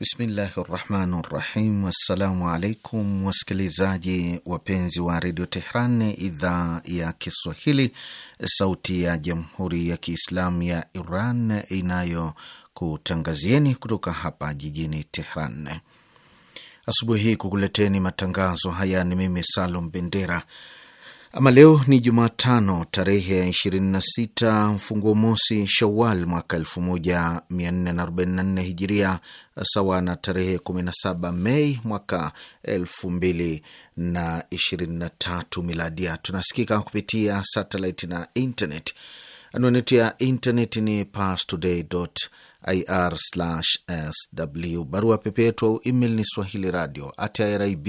Bismillahi rahmani rahim. Assalamu alaikum wasikilizaji wapenzi wa redio Tehran, idhaa ya Kiswahili, sauti ya jamhuri ya kiislamu ya Iran inayokutangazieni kutoka hapa jijini Tehran asubuhi hii kukuleteni matangazo haya. Ni mimi Salum Bendera. Ama leo ni Jumatano tarehe ya 26 mfunguo mosi Shawal mwaka 1444 Hijiria, sawa na tarehe 17 Mei mwaka 2023 Miladia. Tunasikika kupitia satellite na internet. Anwani ya internet ni parstoday.ir/sw. Barua pepe yetu au email ni swahili radio at irib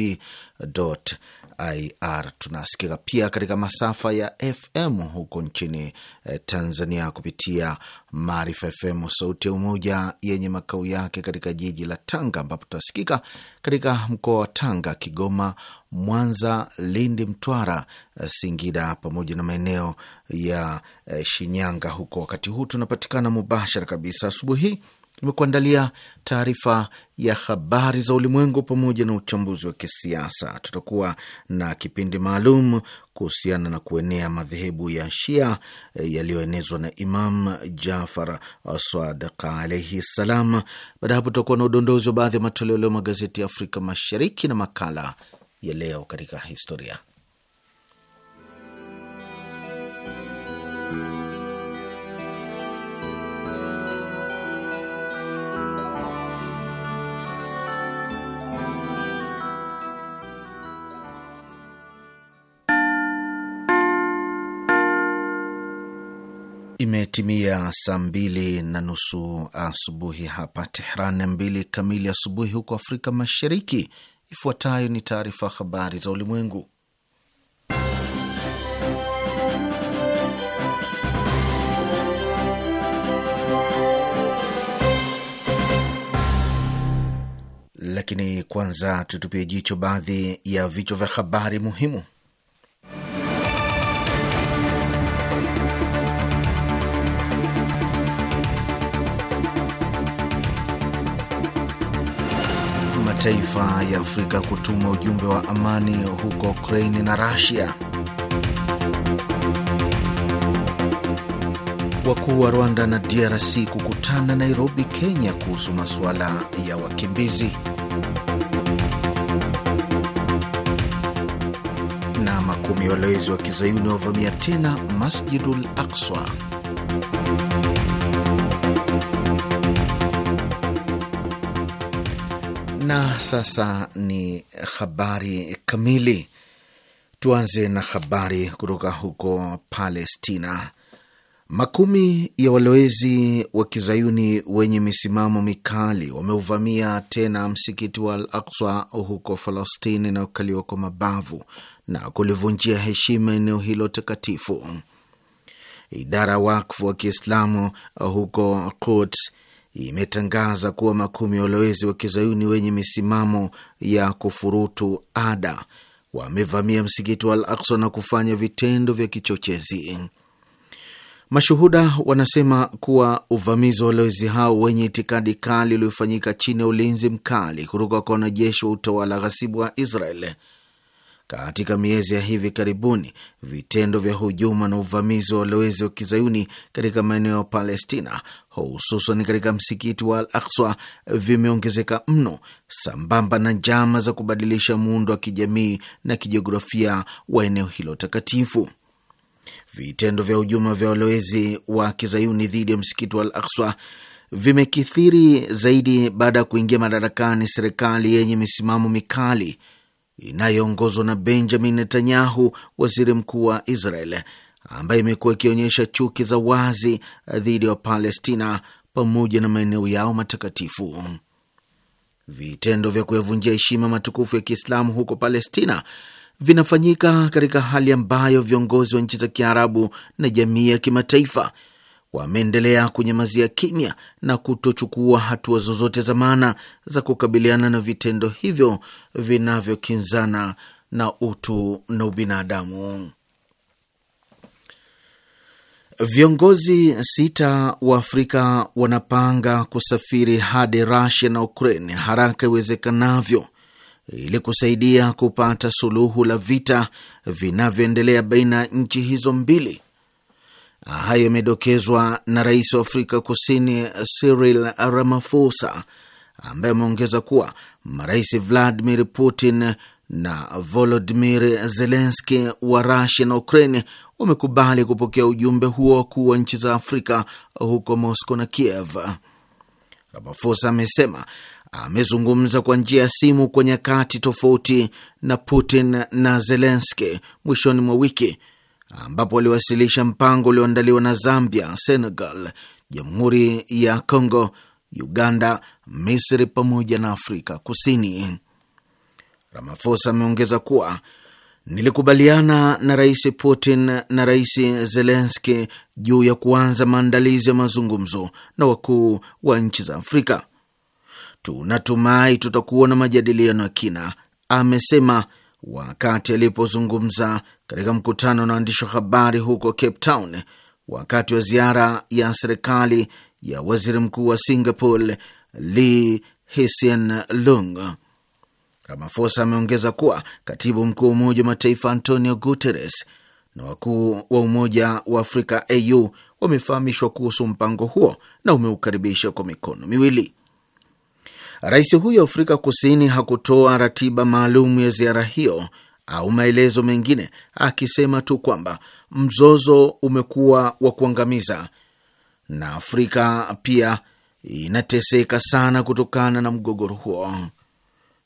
ir. Tunasikika pia katika masafa ya FM huko nchini eh, Tanzania kupitia Maarifa FM sauti ya Umoja yenye makao yake katika jiji la Tanga, ambapo tunasikika katika mkoa wa Tanga, Kigoma, Mwanza, Lindi, Mtwara, eh, Singida pamoja na maeneo ya eh, Shinyanga. Huko wakati huu tunapatikana mubashara kabisa asubuhi hii tumekuandalia taarifa ya habari za ulimwengu pamoja na uchambuzi wa kisiasa. Tutakuwa na kipindi maalum kuhusiana na kuenea madhehebu ya Shia eh, yaliyoenezwa na Imam Jafar Swadaka alaihi ssalam. Baada hapo, tutakuwa na udondozi wa baadhi ya matoleo leo magazeti ya Afrika Mashariki na makala ya leo katika historia Imetimia saa mbili na nusu asubuhi hapa Tehran, mbili kamili asubuhi huko Afrika Mashariki. Ifuatayo ni taarifa habari za ulimwengu, lakini kwanza tutupie jicho baadhi ya vichwa vya habari muhimu. mataifa ya Afrika kutuma ujumbe wa amani huko Ukraini na Rasia. Wakuu wa Rwanda na DRC kukutana Nairobi, Kenya kuhusu masuala ya wakimbizi. Na makumi walowezi wa kizayuni wavamia tena Masjidul akswa Na sasa ni habari kamili. Tuanze na habari kutoka huko Palestina. Makumi ya walowezi wa kizayuni wenye misimamo mikali wameuvamia tena msikiti wa Al huko Falastini inayokaliwa kwa mabavu na kulivunjia heshima eneo hilo takatifu. Idara ya wakfu wa Kiislamu huko Quds imetangaza kuwa makumi ya walowezi wa kizayuni wenye misimamo ya kufurutu ada wamevamia msikiti wa Al Aksa na kufanya vitendo vya kichochezi. Mashuhuda wanasema kuwa uvamizi wa walowezi hao wenye itikadi kali uliofanyika chini ya ulinzi mkali kutoka kwa wanajeshi wa utawala ghasibu wa Israel katika miezi ya hivi karibuni, vitendo vya hujuma na uvamizi wa walowezi wa kizayuni katika maeneo ya Palestina, hususan katika msikiti wa Al Akswa, vimeongezeka mno, sambamba na njama za kubadilisha muundo wa kijamii na kijiografia wa eneo hilo takatifu. Vitendo vya hujuma vya walowezi wa kizayuni dhidi ya msikiti wa Al Akswa vimekithiri zaidi baada ya kuingia madarakani serikali yenye misimamo mikali inayoongozwa na Benjamin Netanyahu, waziri mkuu wa Israel, ambaye imekuwa ikionyesha chuki za wazi dhidi ya Wapalestina pamoja na maeneo yao matakatifu. Vitendo vya kuyavunjia heshima matukufu ya Kiislamu huko Palestina vinafanyika katika hali ambayo viongozi wa nchi za Kiarabu na jamii ya kimataifa wameendelea kunyamazia kimya na kutochukua hatua zozote za maana za kukabiliana na vitendo hivyo vinavyokinzana na utu na ubinadamu. Viongozi sita wa Afrika wanapanga kusafiri hadi Rasia na Ukraine haraka iwezekanavyo ili kusaidia kupata suluhu la vita vinavyoendelea baina ya nchi hizo mbili Hayo yamedokezwa na rais wa Afrika Kusini Cyril Ramaphosa, ambaye ameongeza kuwa marais Vladimir Putin na Volodimir Zelenski wa Rasia na Ukraine wamekubali kupokea ujumbe huo wakuu wa nchi za Afrika huko Moscow na Kiev. Ramaphosa amesema amezungumza kwa njia ya simu kwa nyakati tofauti na Putin na Zelenski mwishoni mwa wiki ambapo waliwasilisha mpango ulioandaliwa na Zambia, Senegal, Jamhuri ya congo Uganda, Misri pamoja na Afrika Kusini. ramafosa ameongeza kuwa nilikubaliana na Rais Putin na Rais Zelenski juu ya kuanza maandalizi ya mazungumzo na wakuu wa nchi za Afrika. Tunatumai tutakuwa na majadiliano ya kina, amesema wakati alipozungumza katika mkutano na waandishi wa habari huko Cape Town wakati wa ziara ya serikali ya waziri mkuu wa Singapore Lee Hsien Loong. Ramaphosa ameongeza kuwa katibu mkuu wa Umoja wa Mataifa Antonio Guterres na wakuu wa Umoja wa Afrika AU wamefahamishwa kuhusu mpango huo na umeukaribisha kwa mikono miwili. Rais huyo Afrika Kusini hakutoa ratiba maalum ya ziara hiyo au maelezo mengine, akisema tu kwamba mzozo umekuwa wa kuangamiza na Afrika pia inateseka sana kutokana na mgogoro huo.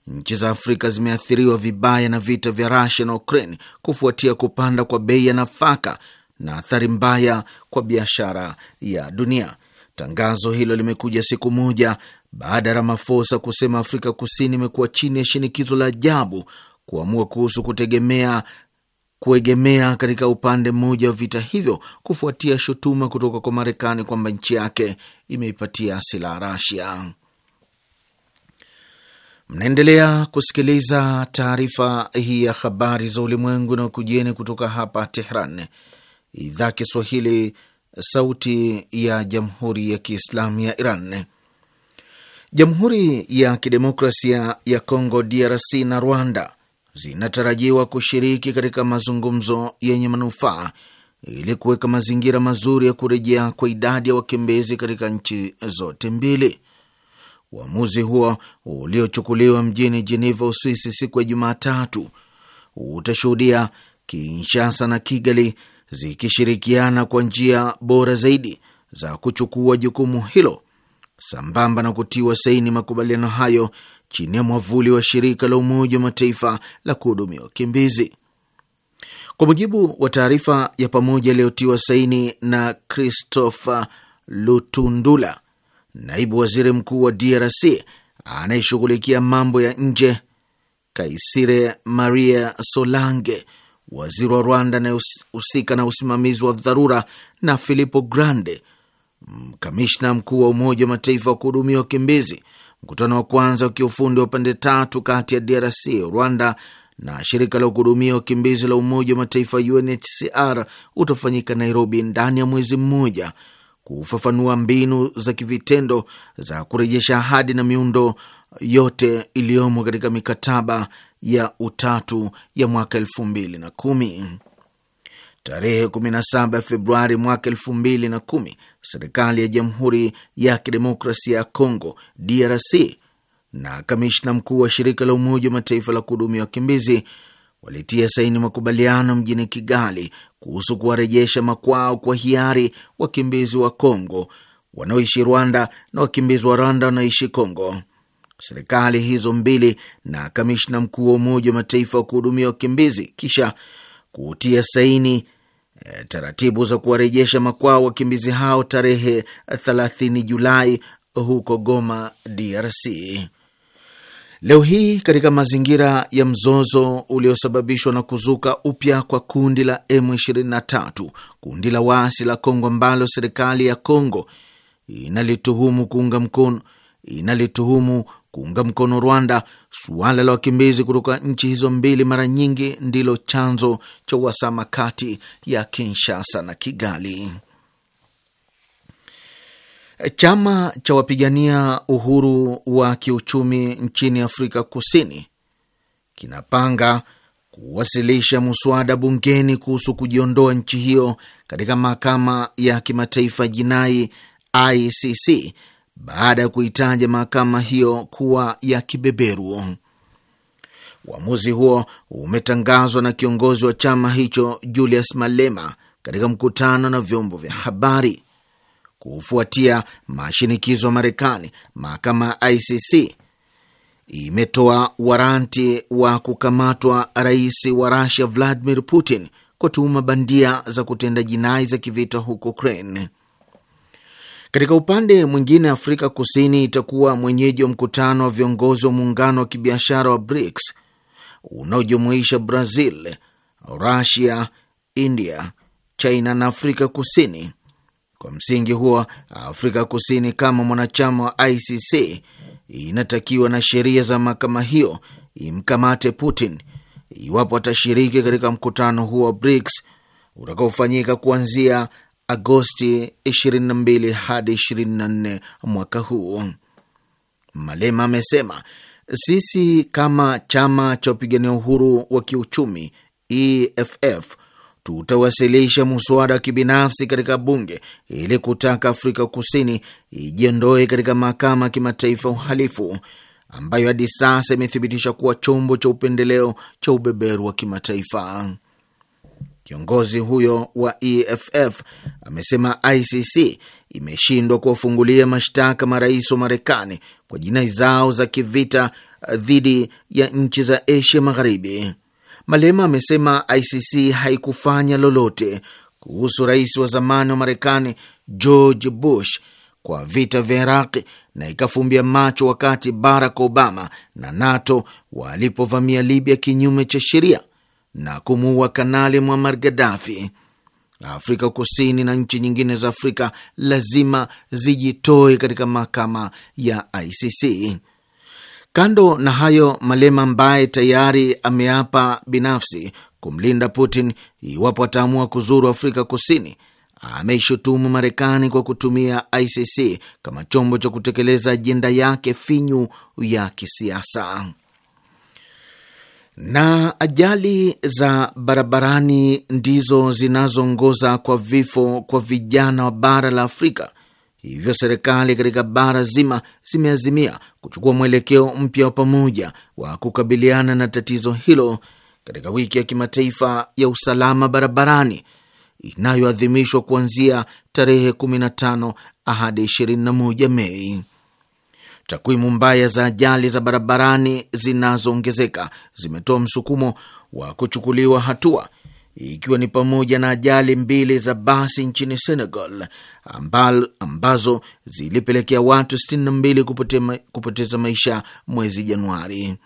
Nchi za Afrika zimeathiriwa vibaya na vita vya Rusia na Ukraine kufuatia kupanda kwa bei ya nafaka na athari mbaya kwa biashara ya dunia. Tangazo hilo limekuja siku moja baada ya Ramafosa kusema Afrika Kusini imekuwa chini ya shinikizo la ajabu kuamua kuhusu kutegemea kuegemea katika upande mmoja wa vita hivyo kufuatia shutuma kutoka kwa Marekani kwamba nchi yake imeipatia silaha Rasia. Mnaendelea kusikiliza taarifa hii ya habari za ulimwengu na kujieni kutoka hapa Tehran, idhaa Kiswahili, sauti ya jamhuri ya kiislamu ya Iran. Jamhuri ya Kidemokrasia ya Kongo DRC na Rwanda zinatarajiwa kushiriki katika mazungumzo yenye manufaa ili kuweka mazingira mazuri ya kurejea kwa idadi ya wakimbizi katika nchi zote mbili. Uamuzi huo uliochukuliwa mjini Jeneva, Uswisi, siku ya Jumatatu utashuhudia Kinshasa na Kigali zikishirikiana kwa njia bora zaidi za kuchukua jukumu hilo sambamba na kutiwa saini makubaliano hayo chini ya mwavuli wa shirika la Umoja wa Mataifa la kuhudumia wakimbizi. Kwa mujibu wa taarifa ya pamoja iliyotiwa saini na Christopher Lutundula, naibu waziri mkuu wa DRC anayeshughulikia mambo ya nje, Kaisire Maria Solange, waziri wa Rwanda anayehusika na usimamizi wa dharura, na Filipo Grande, kamishna mkuu wa Umoja wa Mataifa wa kuhudumia wakimbizi, mkutano wa kwanza wa kiufundi wa pande tatu kati ya DRC, Rwanda na shirika la kuhudumia wakimbizi la Umoja wa Mataifa UNHCR utafanyika Nairobi ndani ya mwezi mmoja kufafanua mbinu za kivitendo za kurejesha ahadi na miundo yote iliyomo katika mikataba ya utatu ya mwaka elfu mbili na kumi. Tarehe 17 Februari mwaka 2010 serikali ya Jamhuri ya Kidemokrasia ya congo DRC na kamishna mkuu wa shirika la Umoja wa Mataifa la kuhudumia wakimbizi walitia saini makubaliano mjini Kigali kuhusu kuwarejesha makwao kwa hiari wakimbizi wa congo wanaoishi Rwanda na wakimbizi wa Rwanda wanaoishi congo Serikali hizo mbili na kamishna mkuu wa Umoja wa Mataifa wa kuhudumia wakimbizi kisha kutia saini Eh, taratibu za kuwarejesha makwao wakimbizi hao tarehe 30 Julai huko Goma, DRC. Leo hii katika mazingira ya mzozo uliosababishwa na kuzuka upya kwa kundi la M23, kundi la waasi la Kongo ambalo serikali ya Kongo inalituhumu kuunga mkono inalituhumu kuunga mkono Rwanda. Suala la wakimbizi kutoka nchi hizo mbili mara nyingi ndilo chanzo cha uhasama kati ya Kinshasa na Kigali. Chama cha wapigania uhuru wa kiuchumi nchini Afrika Kusini kinapanga kuwasilisha muswada bungeni kuhusu kujiondoa nchi hiyo katika mahakama ya kimataifa jinai ICC baada ya kuitaja mahakama hiyo kuwa ya kibeberu. Uamuzi huo umetangazwa na kiongozi wa chama hicho Julius Malema katika mkutano na vyombo vya habari kufuatia mashinikizo ya Marekani. Mahakama ya ICC imetoa waranti wa kukamatwa rais wa Rusia Vladimir Putin kwa tuhuma bandia za kutenda jinai za kivita huko Ukraine. Katika upande mwingine, Afrika Kusini itakuwa mwenyeji wa mkutano wa viongozi wa muungano wa kibiashara wa BRICS unaojumuisha Brazil, Rusia, India, China na Afrika Kusini. Kwa msingi huo, Afrika Kusini kama mwanachama wa ICC inatakiwa na sheria za mahakama hiyo imkamate Putin iwapo atashiriki katika mkutano huo wa BRICS utakaofanyika kuanzia Agosti 22 hadi 24 mwaka huu. Malema amesema sisi kama chama cha upigania uhuru wa kiuchumi EFF tutawasilisha muswada wa kibinafsi katika bunge ili kutaka Afrika Kusini ijiondoe katika mahakama ya kimataifa uhalifu ambayo hadi sasa imethibitisha kuwa chombo cha upendeleo cha ubeberu wa kimataifa. Kiongozi huyo wa EFF amesema ICC imeshindwa kuwafungulia mashtaka marais wa Marekani kwa jinai zao za kivita dhidi ya nchi za Asia Magharibi. Malema amesema ICC haikufanya lolote kuhusu rais wa zamani wa Marekani George Bush kwa vita vya Iraqi na ikafumbia macho wakati Barack Obama na NATO walipovamia Libya kinyume cha sheria na kumuua Kanali Muammar Gaddafi. Afrika Kusini na nchi nyingine za Afrika lazima zijitoe katika mahakama ya ICC. Kando na hayo, Malema ambaye tayari ameapa binafsi kumlinda Putin iwapo ataamua kuzuru Afrika Kusini, ameishutumu Marekani kwa kutumia ICC kama chombo cha kutekeleza ajenda yake finyu ya kisiasa. Na ajali za barabarani ndizo zinazoongoza kwa vifo kwa vijana wa bara la Afrika. Hivyo serikali katika bara zima zimeazimia kuchukua mwelekeo mpya wa pamoja wa kukabiliana na tatizo hilo katika wiki ya kimataifa ya usalama barabarani inayoadhimishwa kuanzia tarehe 15 hadi 21 Mei. Takwimu mbaya za ajali za barabarani zinazoongezeka zimetoa msukumo wa kuchukuliwa hatua, ikiwa ni pamoja na ajali mbili za basi nchini Senegal ambal, ambazo zilipelekea watu 62 kupote, kupoteza maisha mwezi Januari.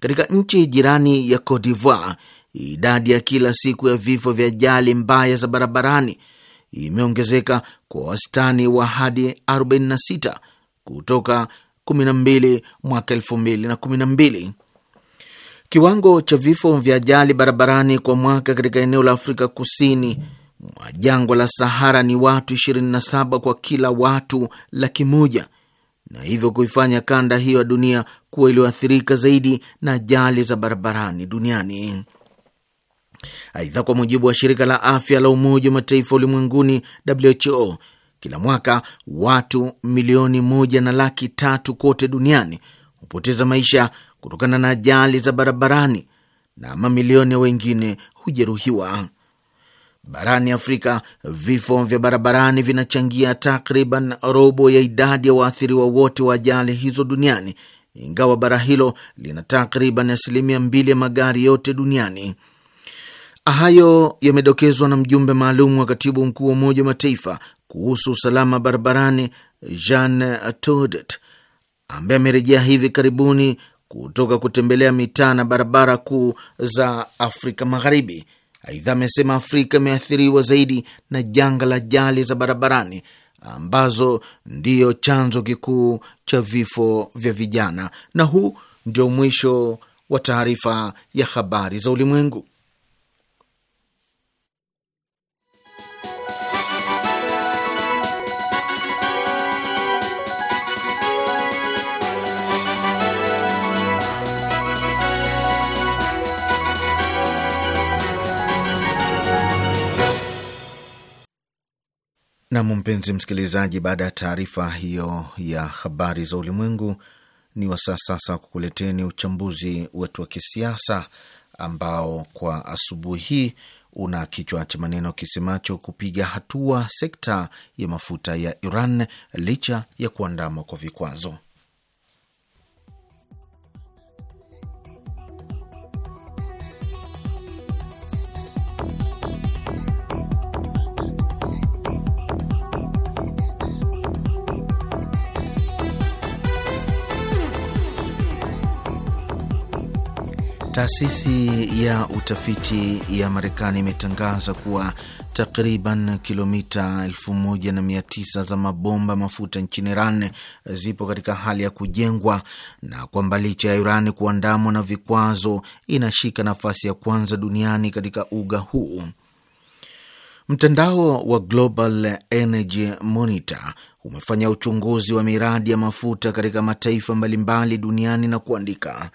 Katika nchi jirani ya Cote d'Ivoire, idadi ya kila siku ya vifo vya ajali mbaya za barabarani imeongezeka kwa wastani wa hadi 46 kutoka 12 mwaka 2012. Kiwango cha vifo vya ajali barabarani kwa mwaka katika eneo la Afrika Kusini mwa jangwa la Sahara ni watu 27 kwa kila watu laki moja na hivyo kuifanya kanda hiyo ya dunia kuwa iliyoathirika zaidi na ajali za barabarani duniani. Aidha, kwa mujibu wa shirika la afya la Umoja wa Mataifa ulimwenguni WHO, kila mwaka watu milioni moja na laki tatu kote duniani hupoteza maisha kutokana na ajali za barabarani na mamilioni ya wengine hujeruhiwa. Barani Afrika, vifo vya barabarani vinachangia takriban robo ya idadi ya waathiriwa wote wa ajali hizo duniani, ingawa bara hilo lina takriban asilimia mbili ya magari yote duniani. Hayo yamedokezwa na mjumbe maalum wa katibu mkuu wa Umoja wa Mataifa kuhusu usalama barabarani Jean Todt, ambaye amerejea hivi karibuni kutoka kutembelea mitaa na barabara kuu za Afrika Magharibi. Aidha, amesema Afrika imeathiriwa zaidi na janga la ajali za barabarani ambazo ndiyo chanzo kikuu cha vifo vya vijana. Na huu ndio mwisho wa taarifa ya habari za ulimwengu. Nam, mpenzi msikilizaji, baada ya taarifa hiyo ya habari za ulimwengu, ni wasaa sasa kukuleteni uchambuzi wetu wa kisiasa ambao kwa asubuhi hii una kichwa cha maneno kisemacho kupiga hatua sekta ya mafuta ya Iran licha ya kuandama kwa vikwazo. Taasisi ya utafiti ya Marekani imetangaza kuwa takriban kilomita 1900 za mabomba mafuta nchini Iran zipo katika hali ya kujengwa na kwamba licha ya Iran kuandamwa na vikwazo, inashika nafasi ya kwanza duniani katika uga huu. Mtandao wa Global Energy Monitor umefanya uchunguzi wa miradi ya mafuta katika mataifa mbalimbali duniani na kuandika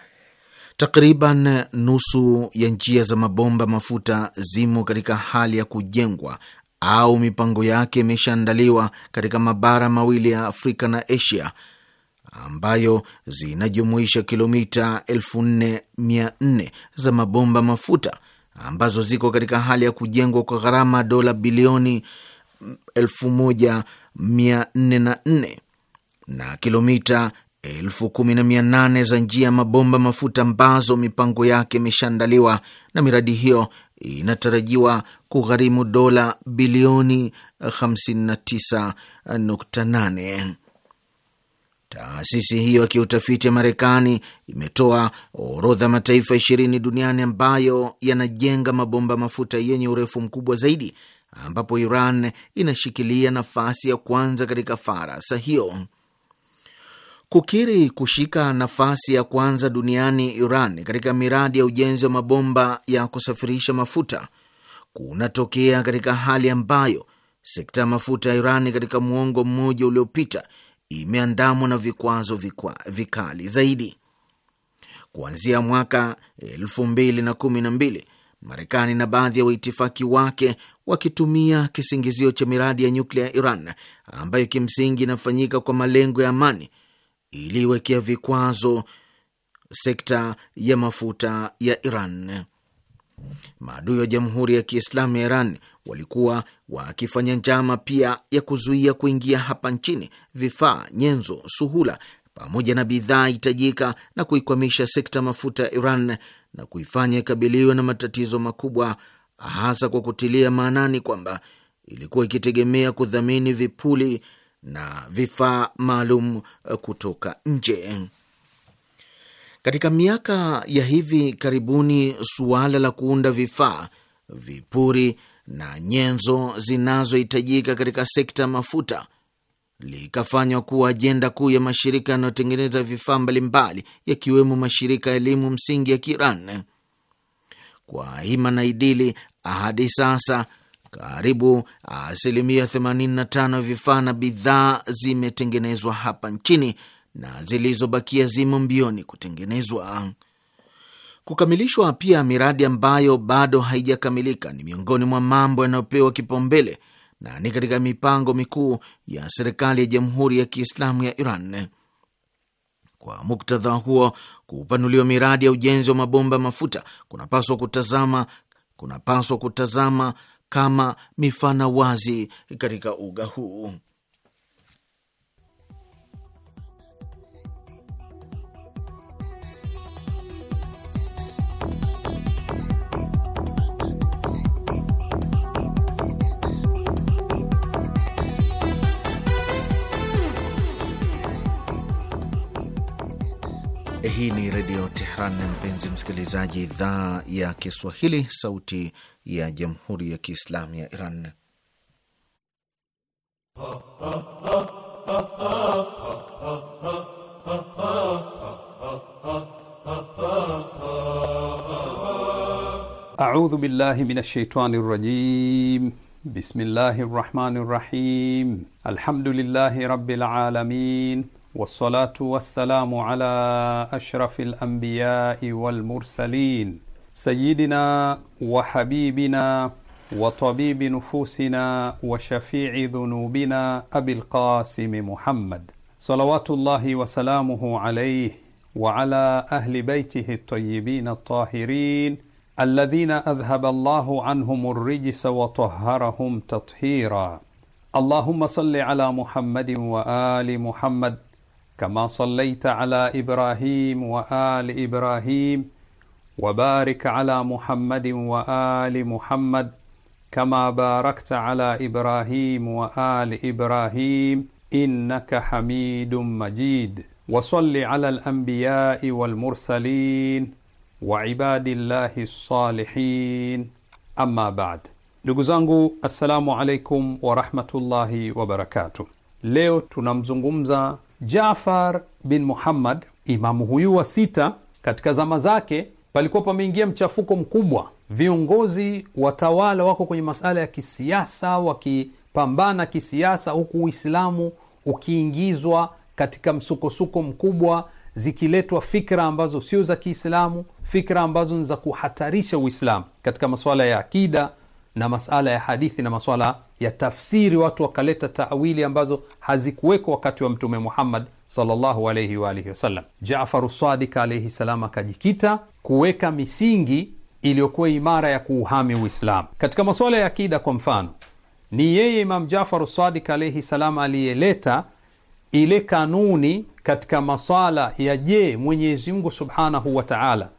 Takriban nusu ya njia za mabomba mafuta zimo katika hali ya kujengwa au mipango yake imeshaandaliwa katika mabara mawili ya Afrika na Asia ambayo zinajumuisha kilomita 4400 za mabomba mafuta ambazo ziko katika hali ya kujengwa kwa gharama dola bilioni 1404 na kilomita elfu kumi na mia nane za njia ya mabomba mafuta ambazo mipango yake imeshaandaliwa na miradi hiyo inatarajiwa kugharimu dola bilioni 59.8. Taasisi hiyo ya kiutafiti ya Marekani imetoa orodha mataifa ishirini duniani ambayo yanajenga mabomba mafuta yenye urefu mkubwa zaidi, ambapo Iran inashikilia nafasi ya kwanza katika farasa hiyo kukiri kushika nafasi ya kwanza duniani Iran katika miradi ya ujenzi wa mabomba ya kusafirisha mafuta kunatokea katika hali ambayo sekta ya mafuta ya Iran katika muongo mmoja uliopita imeandamwa na vikwazo vikwa, vikali zaidi. Kuanzia mwaka elfu mbili na kumi na mbili Marekani na baadhi ya waitifaki wake wakitumia kisingizio cha miradi ya nyuklia ya Iran ambayo kimsingi inafanyika kwa malengo ya amani iliwekea vikwazo sekta ya mafuta ya Iran. Maadui wa Jamhuri ya Kiislamu ya Iran walikuwa wakifanya njama pia ya kuzuia kuingia hapa nchini vifaa, nyenzo, suhula pamoja na bidhaa hitajika na kuikwamisha sekta ya mafuta ya Iran na kuifanya ikabiliwe na matatizo makubwa, hasa kwa kutilia maanani kwamba ilikuwa ikitegemea kudhamini vipuli na vifaa maalum eh, kutoka nje. Katika miaka ya hivi karibuni, suala la kuunda vifaa, vipuri na nyenzo zinazohitajika katika sekta ya mafuta likafanywa kuwa ajenda kuu ya mashirika yanayotengeneza vifaa mbalimbali yakiwemo mashirika ya elimu msingi ya kiran Kwa hima na idili, hadi sasa karibu ah, asilimia 85 ya vifaa na bidhaa zimetengenezwa hapa nchini na zilizobakia zimo mbioni kutengenezwa. Kukamilishwa pia miradi ambayo bado haijakamilika ni miongoni mwa mambo yanayopewa kipaumbele na ni katika mipango mikuu ya serikali ya Jamhuri ya Kiislamu ya Iran. Kwa muktadha huo, kupanuliwa miradi ya ujenzi wa mabomba ya mafuta kunapaswa kutazama kunapaswa kutazama kama mifana wazi katika uga huu. Hii ni Redio Tehran na mpenzi msikilizaji, idhaa ya Kiswahili, sauti ya jamhuri ya kiislamu ya Iran. Audhu billahi min ashaitani rajim. Bismillahi rahmani rahim. Alhamdulillahi rabbil alamin والصلاة والسلام على أشرف الأنبياء والمرسلين سيدنا وحبيبنا وطبيب نفوسنا وشفيع ذنوبنا أبي القاسم محمد صلوات الله وسلامه عليه وعلى أهل بيته الطيبين الطاهرين الذين أذهب الله عنهم الرجس وطهرهم تطهيرا اللهم صل على محمد وآل محمد كما صليت على إبراهيم وآل إبراهيم وبارك على محمد وآل محمد كما باركت على إبراهيم وآل إبراهيم إنك حميد مجيد وصل على الأنبياء والمرسلين وعباد الله الصالحين أما بعد ndugu zangu assalamu alaikum الله wabarakatuh leo tunamzungumza Jafar bin Muhammad, imamu huyu wa sita, katika zama zake palikuwa pameingia mchafuko mkubwa. Viongozi watawala wako kwenye masala ya kisiasa, wakipambana kisiasa, huku Uislamu ukiingizwa katika msukosuko mkubwa, zikiletwa fikra ambazo sio za Kiislamu, fikra ambazo ni za kuhatarisha Uislamu katika masuala ya akida na masala ya hadithi na maswala ya tafsiri, watu wakaleta tawili ambazo hazikuwekwa wakati wa Mtume Muhammad sallallahu alayhi wa alihi wasallam. Jafaru Sadiq alayhi salam akajikita kuweka misingi iliyokuwa imara ya kuuhami Uislamu katika masuala ya akida. Kwa mfano, ni yeye Imam Jafaru Sadik alayhi salam aliyeleta ile kanuni katika maswala ya je, Mwenyezi Mungu subhanahu wa taala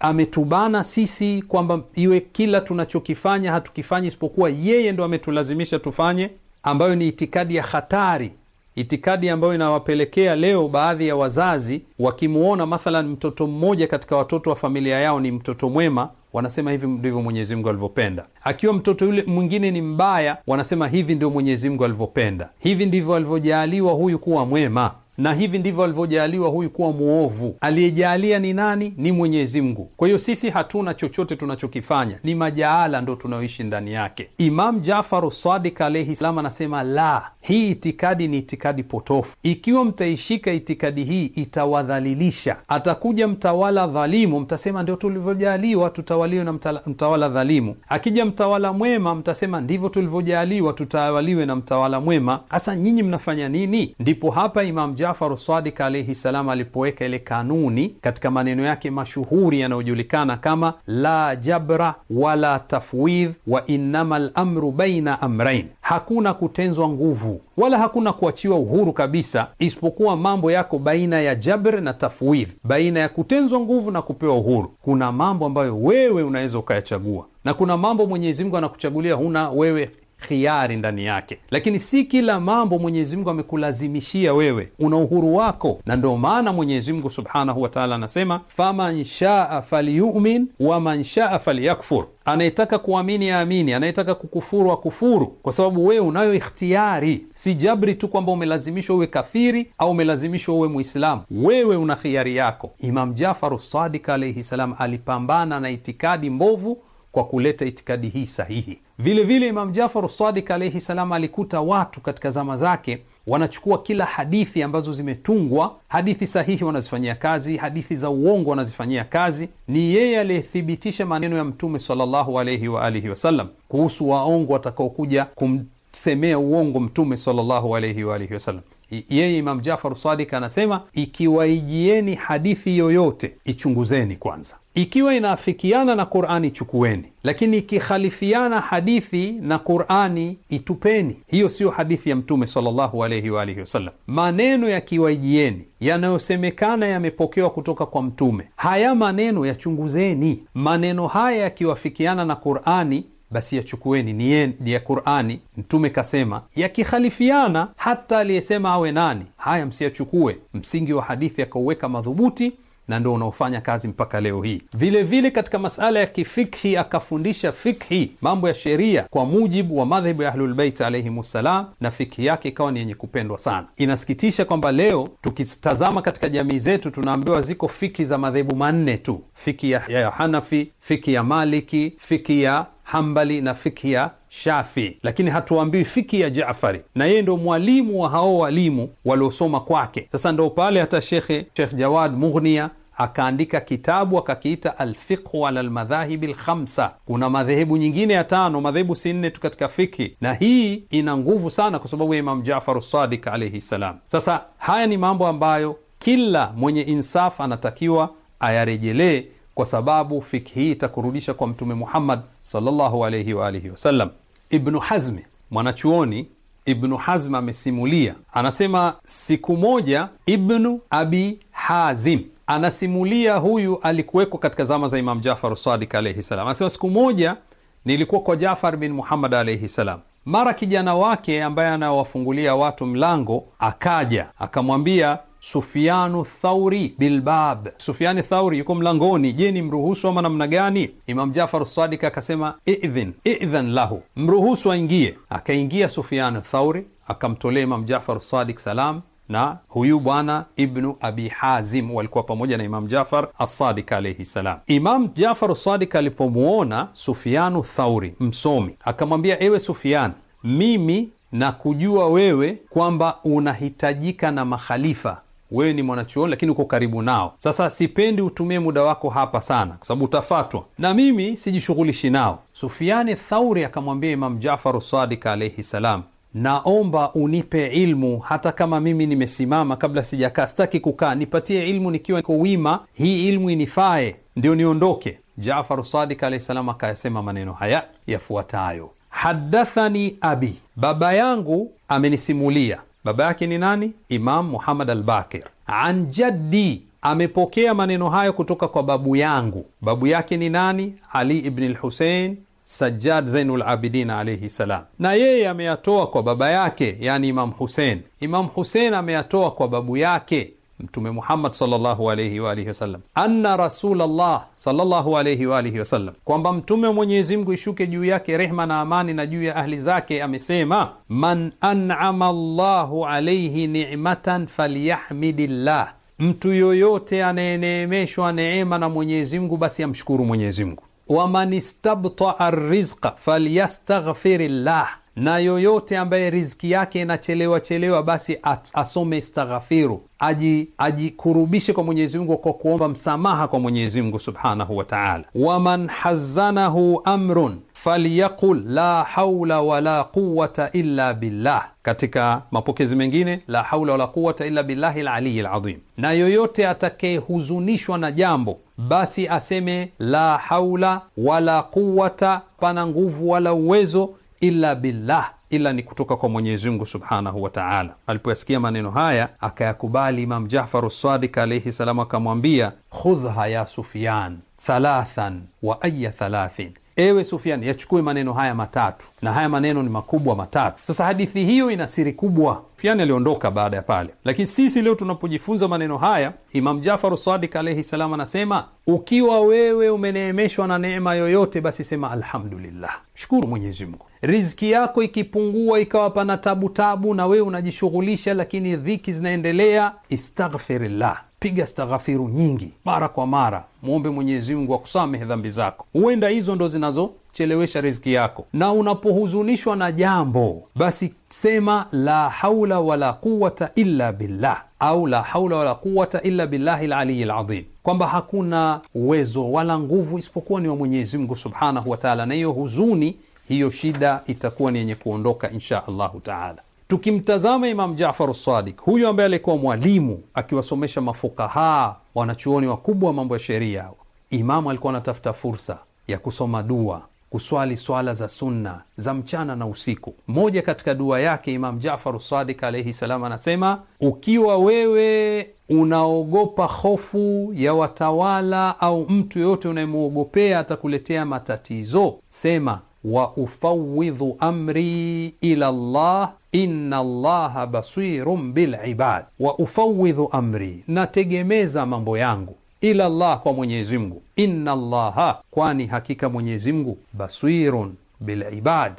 ametubana sisi kwamba iwe kila tunachokifanya hatukifanyi isipokuwa yeye ndo ametulazimisha tufanye, ambayo ni itikadi ya hatari, itikadi ambayo inawapelekea leo baadhi ya wazazi wakimwona mathalan mtoto mmoja katika watoto wa familia yao ni mtoto mwema, wanasema hivi ndivyo Mwenyezi Mungu alivyopenda. Akiwa mtoto yule mwingine ni mbaya, wanasema hivi ndio Mwenyezi Mungu alivyopenda, hivi ndivyo alivyojaaliwa huyu kuwa mwema na hivi ndivyo alivyojaaliwa huyu kuwa mwovu. aliyejaalia ni nani? Ni Mwenyezi Mungu. Kwa hiyo sisi hatuna chochote tunachokifanya, ni majaala ndo tunayoishi ndani yake. Imam Jafaru Sadik alaihi salam anasema la, hii itikadi ni itikadi potofu. Ikiwa mtaishika itikadi hii, itawadhalilisha. Atakuja mtawala dhalimu, mtasema ndio tulivyojaaliwa tutawaliwe na mtawala dhalimu. Akija mtawala mwema, mtasema ndivyo tulivyojaaliwa tutawaliwe na mtawala mwema. Hasa nyinyi mnafanya nini? Ndipo hapa Imam Jafaru Jafaru Sadik alaihi salam alipoweka ile kanuni katika maneno yake mashuhuri yanayojulikana kama la jabra wala tafwidh wa innama lamru baina amrain, hakuna kutenzwa nguvu wala hakuna kuachiwa uhuru kabisa, isipokuwa mambo yako baina ya jabr na tafwidh, baina ya kutenzwa nguvu na kupewa uhuru. Kuna mambo ambayo wewe unaweza ukayachagua na kuna mambo Mwenyezi Mungu anakuchagulia, huna wewe hiari ndani yake, lakini si kila mambo Mwenyezi Mungu amekulazimishia wewe, una uhuru wako. Na ndio maana Mwenyezi Mungu subhanahu wa taala anasema faman shaa falyumin waman shaa falyakfur, anayetaka kuamini aamini, anayetaka kukufuru akufuru, kwa sababu wewe unayo ikhtiari. Si jabri tu kwamba umelazimishwa uwe kafiri au umelazimishwa uwe Mwislamu, wewe una khiari yako. Imam Jafaru sadik alaihi salam alipambana na itikadi mbovu kwa kuleta itikadi hii sahihi vilevile vile Imam Jafar Sadiq alaihi salam alikuta watu katika zama zake wanachukua kila hadithi ambazo zimetungwa, hadithi sahihi wanazifanyia kazi, hadithi za uongo wanazifanyia kazi. Ni yeye aliyethibitisha maneno ya Mtume sallallahu alaihi wa alihi wasallam kuhusu waongo watakaokuja kumsemea uongo Mtume sallallahu alaihi wa alihi wasallam. Yeye Imam Jafar Sadik anasema ikiwaijieni hadithi yoyote ichunguzeni kwanza, ikiwa inaafikiana na Qurani chukueni, lakini ikikhalifiana hadithi na Qurani itupeni, hiyo siyo hadithi ya Mtume sallallahu alayhi wa alihi wasallam. Maneno yakiwaijieni yanayosemekana yamepokewa kutoka kwa Mtume, haya maneno yachunguzeni. Maneno haya yakiwafikiana na Qurani basi yachukueni niye ya Qur'ani. Mtume kasema yakikhalifiana, hata aliyesema awe nani, haya msiyachukue. Msingi wa hadithi akauweka madhubuti na ndo unaofanya kazi mpaka leo hii. vilevile vile katika masala ya kifikhi akafundisha fikhi, mambo ya sheria kwa mujibu wa madhhabu ya Ahlulbeit alaihim ssalam, na fikhi yake ikawa ni yenye kupendwa sana. Inasikitisha kwamba leo tukitazama katika jamii zetu tunaambiwa ziko fikhi za madhehebu manne tu, fikhi ya Hanafi, fikhi ya Maliki, fikhi ya Hambali na fikhi ya Shafi, lakini hatuambiwi fikhi ya Jafari, na yeye ndo mwalimu wa hao walimu waliosoma kwake. Sasa ndo pale hata shekhe Shekh Jawad Mughnia akaandika kitabu akakiita Alfiqhu ala lmadhahibi lkhamsa. Kuna madhehebu nyingine ya tano, madhehebu si nne tu katika fikhi, na hii ina nguvu sana kwa sababu ya Imamu Jafar Sadiq alaihi ssalam. Sasa haya ni mambo ambayo kila mwenye insaf anatakiwa ayarejelee, kwa sababu fikhi hii itakurudisha kwa Mtume Muhammad sallallahu alayhi wa alihi wasallam. Ibnu Hazmi mwanachuoni Ibnu Hazm amesimulia, anasema siku moja Ibnu Abi Hazim anasimulia, huyu alikuwekwa katika zama za Imam Jafar Sadik alaihi salam. Anasema siku moja nilikuwa kwa Jafar bin Muhammad alaihi salam, mara kijana wake ambaye anawafungulia watu mlango akaja akamwambia sufianu Thauri bilbab, sufiani Thauri yuko mlangoni. Je, ni mruhusu ama namna gani? Imam Jafar Sadik akasema idhin idhan lahu, mruhusu aingie. Akaingia Sufianu Thauri akamtolea Imam Jafar Sadik salam na huyu bwana Ibnu Abi Hazim walikuwa pamoja na Imam Jafar Asadik alaihi salam. Imam Jafar Sadik alipomwona Sufianu Thauri msomi, akamwambia ewe Sufian, mimi na kujua wewe kwamba unahitajika na makhalifa wewe ni mwanachuoni lakini uko karibu nao. Sasa sipendi utumie muda wako hapa sana, kwa sababu utafatwa, na mimi sijishughulishi nao. Sufiani Thauri akamwambia Imam Jafaru Sadik alaihi salam, naomba unipe ilmu hata kama mimi nimesimama kabla sijakaa, sitaki kukaa, nipatie ilmu nikiwa niko wima, hii ilmu inifae ndio niondoke. Jafaru Sadik alaihi salam akayasema maneno haya yafuatayo: hadathani abi, baba yangu amenisimulia Baba yake ni nani? Imam Muhammad al-Bakir. An jaddi, amepokea maneno hayo kutoka kwa babu yangu. Babu yake ni nani? Ali ibn lhusein Sajjad Zainul Abidin alaihi salam, na yeye ameyatoa kwa baba yake, yani Imam Husein. Imam Husein ameyatoa kwa babu yake Mtume Muhammad sallallahu alayhi wa alihi wasallam, anna rasulullah sallallahu alayhi wa alihi wasallam, kwamba mtume wa Mwenyezi Mungu ishuke juu yake rehma na amani na juu ya ahli zake amesema, man an'ama Allahu alayhi ni'matan falyahmidillah, mtu yoyote anayeneemeshwa neema na Mwenyezi Mungu basi amshukuru Mwenyezi Mungu. Waman istabtaa rizqa falyastaghfirillah na yoyote ambaye riziki yake inachelewa chelewa, basi at, asome ajikurubishe aji ajikurubishe kwa Mwenyezi Mungu kwa kuomba msamaha kwa Mwenyezi Mungu subhanahu wa taala. waman hazanahu amrun falyaqul la haula wala quwata illa billah. Katika mapokezi mengine la haula wala quwata illa billahi laliyi ladhim. Na yoyote atakayehuzunishwa na jambo, basi aseme la haula wala quwata, pana nguvu wala uwezo illa billah, ila ni kutoka kwa Mwenyezi Mungu subhanahu wa taala. Alipoyasikia maneno haya akayakubali. Imam Jafaru Sadiq alaihi salam akamwambia, khudhha ya Sufyan thalathan wa aya thalathin ewe Sufiani, yachukue maneno haya matatu, na haya maneno ni makubwa matatu. Sasa hadithi hiyo ina siri kubwa. Sufiani aliondoka baada ya pale, lakini sisi leo tunapojifunza maneno haya, Imam Jafar Sadik alaihi salam anasema, ukiwa wewe umeneemeshwa na neema yoyote, basi sema alhamdulillah, shukuru Mwenyezi Mungu. Riziki yako ikipungua, ikawa pana tabu tabu, na wewe unajishughulisha, lakini dhiki zinaendelea, istaghfirillah piga staghafiru nyingi mara kwa mara, mwombe Mwenyezi Mungu akusamehe dhambi zako. Huenda hizo ndo zinazochelewesha riziki yako. Na unapohuzunishwa na jambo, basi sema la haula wala quwata illa billah, au la haula wala quwata illa billahi laliyi ladhim, kwamba hakuna uwezo wala nguvu isipokuwa ni wa Mwenyezi Mungu subhanahu wataala na hiyo huzuni hiyo shida itakuwa ni yenye kuondoka insha allahu taala. Tukimtazama Imam Jafar Sadik, huyu ambaye alikuwa mwalimu akiwasomesha mafukaha wanachuoni wakubwa wa mambo ya sheria, Imamu alikuwa anatafuta fursa ya kusoma dua, kuswali swala za sunna za mchana na usiku. Moja katika dua yake Imam Jafar Sadik alaihi salam anasema, ukiwa wewe unaogopa hofu ya watawala au mtu yoyote unayemwogopea atakuletea matatizo, sema wa ufawidhu amri ila Allah inna allaha basirun bilibad wa ufawidhu amri, nategemeza mambo yangu ila Allah, kwa Mwenyezi Mungu. Inna llaha kwani hakika Mwenyezi Mungu, basirun bilibad,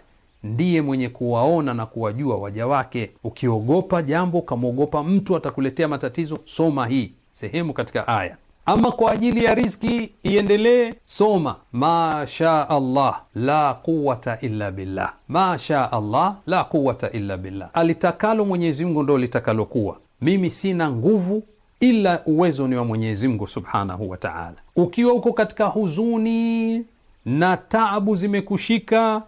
ndiye mwenye kuwaona na kuwajua waja wake. Ukiogopa jambo ukamwogopa mtu atakuletea matatizo, soma hii sehemu katika aya ama kwa ajili ya riski iendelee, soma masha Allah la quwata illa billah, masha Allah la quwata illa billah. Alitakalo Mwenyezi Mungu ndo litakalokuwa, mimi sina nguvu ila uwezo ni wa Mwenyezi Mungu subhanahu wa taala. Ukiwa uko katika huzuni na taabu zimekushika,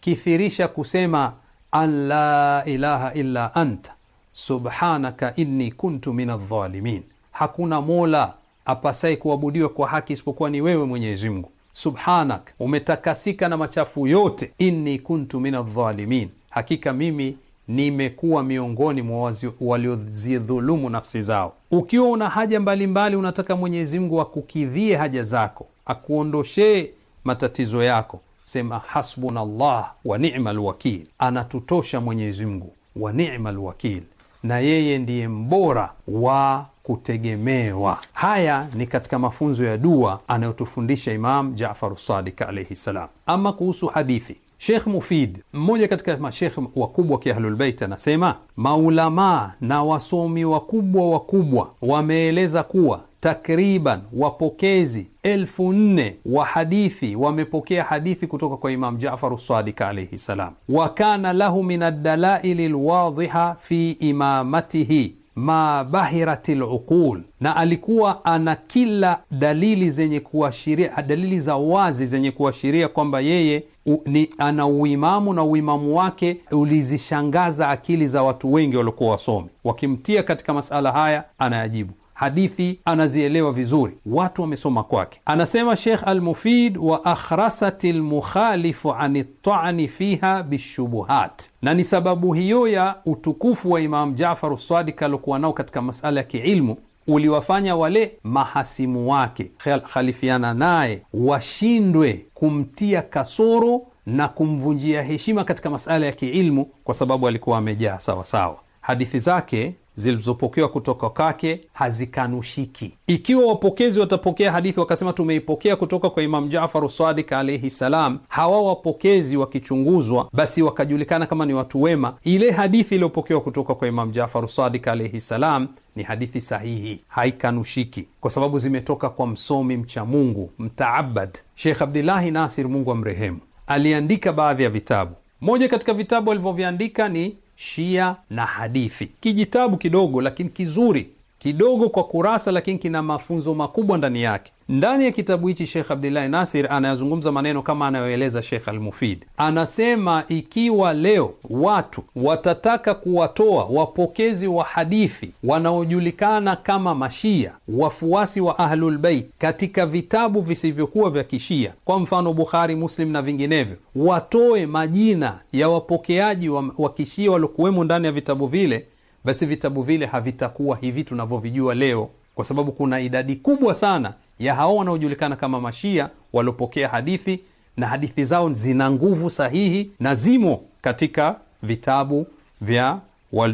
kithirisha kusema an la ilaha illa anta subhanaka inni kuntu min aldhalimin, hakuna mola apasaye kuabudiwa kwa haki isipokuwa ni wewe Mwenyezi Mungu. Subhanak, umetakasika na machafu yote. Inni kuntu min aldhalimin, hakika mimi nimekuwa miongoni mwa waliozidhulumu nafsi zao. Ukiwa una haja mbalimbali unataka Mwenyezi Mungu akukidhie haja zako, akuondoshee matatizo yako, sema hasbuna llah wa nima lwakil, anatutosha Mwenyezi Mungu wa nima lwakil na yeye ndiye mbora wa kutegemewa. Haya ni katika mafunzo ya dua anayotufundisha Imam Jafar sadik alaihi ssalam. Ama kuhusu hadithi Shekh Mufid, mmoja katika mashekhe wakubwa kiahlulbeit, anasema maulamaa na wasomi wakubwa wakubwa wameeleza kuwa takriban wapokezi elfu nne wa hadithi wamepokea hadithi kutoka kwa Imam Jafar Sadik alaihi salam. Wa kana lahu min addalaili lwadhiha fi imamatihi ma bahirat luqul, na alikuwa ana kila dalili zenye kuashiria, dalili za wazi zenye kuashiria kwamba yeye u, ni, ana uimamu na uimamu wake ulizishangaza akili za watu wengi waliokuwa wasomi. Wakimtia katika masala haya anayajibu hadithi anazielewa vizuri, watu wamesoma kwake. Anasema Sheikh Almufid, wa akhrasati lmukhalifu an ltani fiha bishubuhat, na ni sababu hiyo ya utukufu wa Imam Jafar Sadik aliokuwa nao katika masala ya kiilmu uliwafanya wale mahasimu wake khalifiana naye washindwe kumtia kasoro na kumvunjia heshima katika masala ya kiilmu, kwa sababu alikuwa amejaa sawasawa hadithi zake zilizopokewa kutoka kwake hazikanushiki. Ikiwa wapokezi watapokea hadithi wakasema tumeipokea kutoka kwa Imamu Jafaru Sadik alaihi salam, hawa wapokezi wakichunguzwa, basi wakajulikana kama ni watu wema, ile hadithi iliyopokewa kutoka kwa Imamu Jafaru Sadik alaihi salam ni hadithi sahihi, haikanushiki, kwa sababu zimetoka kwa msomi mcha Mungu mtaabad Sheikh Abdillahi Nasir, Mungu amrehemu. Aliandika baadhi ya vitabu. Moja katika vitabu alivyoviandika ni Shia na hadithi. Kijitabu kidogo lakini kizuri kidogo kwa kurasa, lakini kina mafunzo makubwa ndani yake. Ndani ya kitabu hichi Shekh Abdullahi Nasir anayazungumza maneno kama anayoeleza Shekh Almufid, anasema ikiwa leo watu watataka kuwatoa wapokezi wa hadithi wanaojulikana kama Mashia, wafuasi wa Ahlulbeit, katika vitabu visivyokuwa vya Kishia, kwa mfano Bukhari, Muslim na vinginevyo, watoe majina ya wapokeaji wa, wa Kishia waliokuwemo ndani ya vitabu vile, basi vitabu vile havitakuwa hivi tunavyovijua leo, kwa sababu kuna idadi kubwa sana ya hao wanaojulikana kama Mashia waliopokea hadithi na hadithi zao zina nguvu sahihi na zimo katika vitabu vya